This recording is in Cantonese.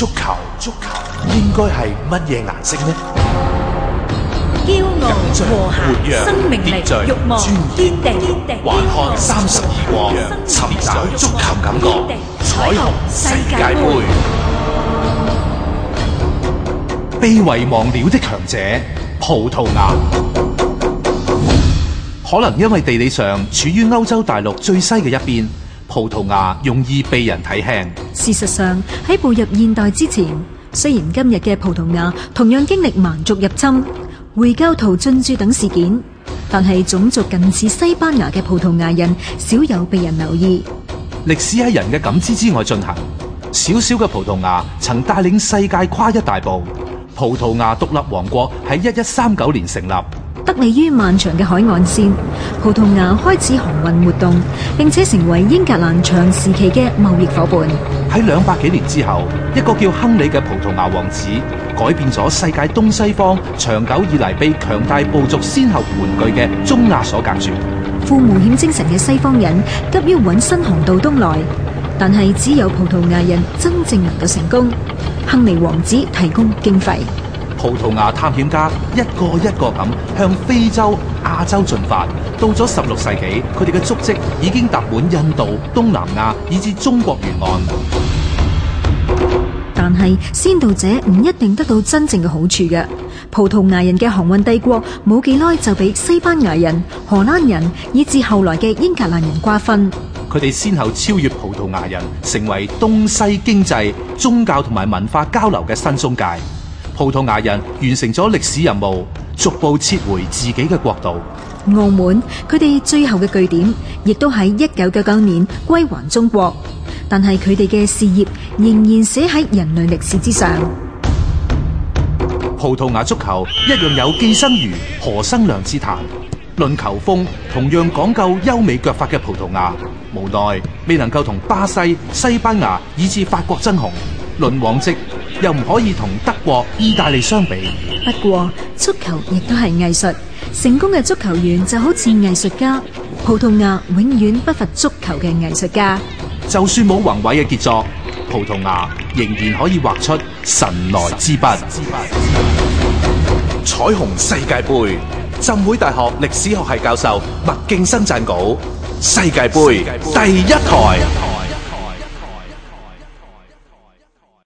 足球，足球應該係乜嘢顏色呢？驕傲、活躍、生命力、欲望、天地、還看三十二國，尋找足球感覺，彩虹世界杯。被遺忘了的強者，葡萄牙。可能因為地理上處於歐洲大陸最西嘅一邊。葡萄牙容易被人睇輕。事實上，喺步入現代之前，雖然今日嘅葡萄牙同樣經歷蠻族入侵、回教徒進駐等事件，但係種族近似西班牙嘅葡萄牙人，少有被人留意。歷史喺人嘅感知之外進行。小小嘅葡萄牙曾帶領世界跨一大步。葡萄牙獨立王國喺一一三九年成立。得利於漫長嘅海岸線，葡萄牙開始航運活動，並且成為英格蘭長時期嘅貿易伙伴。喺兩百幾年之後，一個叫亨利嘅葡萄牙王子改變咗世界東西方長久以嚟被強大部族先後盤踞嘅中亞所隔絕。富冒險精神嘅西方人急於揾新航道東來，但係只有葡萄牙人真正能夠成功。亨利王子提供經費。葡萄牙探險家一個一個咁向非洲、亞洲進發，到咗十六世紀，佢哋嘅足跡已經踏滿印度、東南亞以至中國沿岸。但係先導者唔一定得到真正嘅好處嘅。葡萄牙人嘅航運帝國冇幾耐就俾西班牙人、荷蘭人以至後來嘅英格蘭人瓜分。佢哋先後超越葡萄牙人，成為東西經濟、宗教同埋文化交流嘅新中介。葡萄牙人完成咗歷史任務，逐步撤回自己嘅國度。澳門，佢哋最後嘅據點，亦都喺一九九九年歸還中國。但係佢哋嘅事業仍然寫喺人類歷史之上。葡萄牙足球一樣有既生瑜、何生亮之嘆，論球風同樣講究優美腳法嘅葡萄牙，無奈未能夠同巴西、西班牙以至法國爭雄，論往績。又唔可以同德國、意大利相比。不過，足球亦都係藝術，成功嘅足球員就好似藝術家。葡萄牙永遠不乏足球嘅藝術家。就算冇宏偉嘅傑作，葡萄牙仍然可以畫出神來之筆。彩虹世界杯，浸會大學歷史學系教授麥敬生撰稿。世界杯第一台。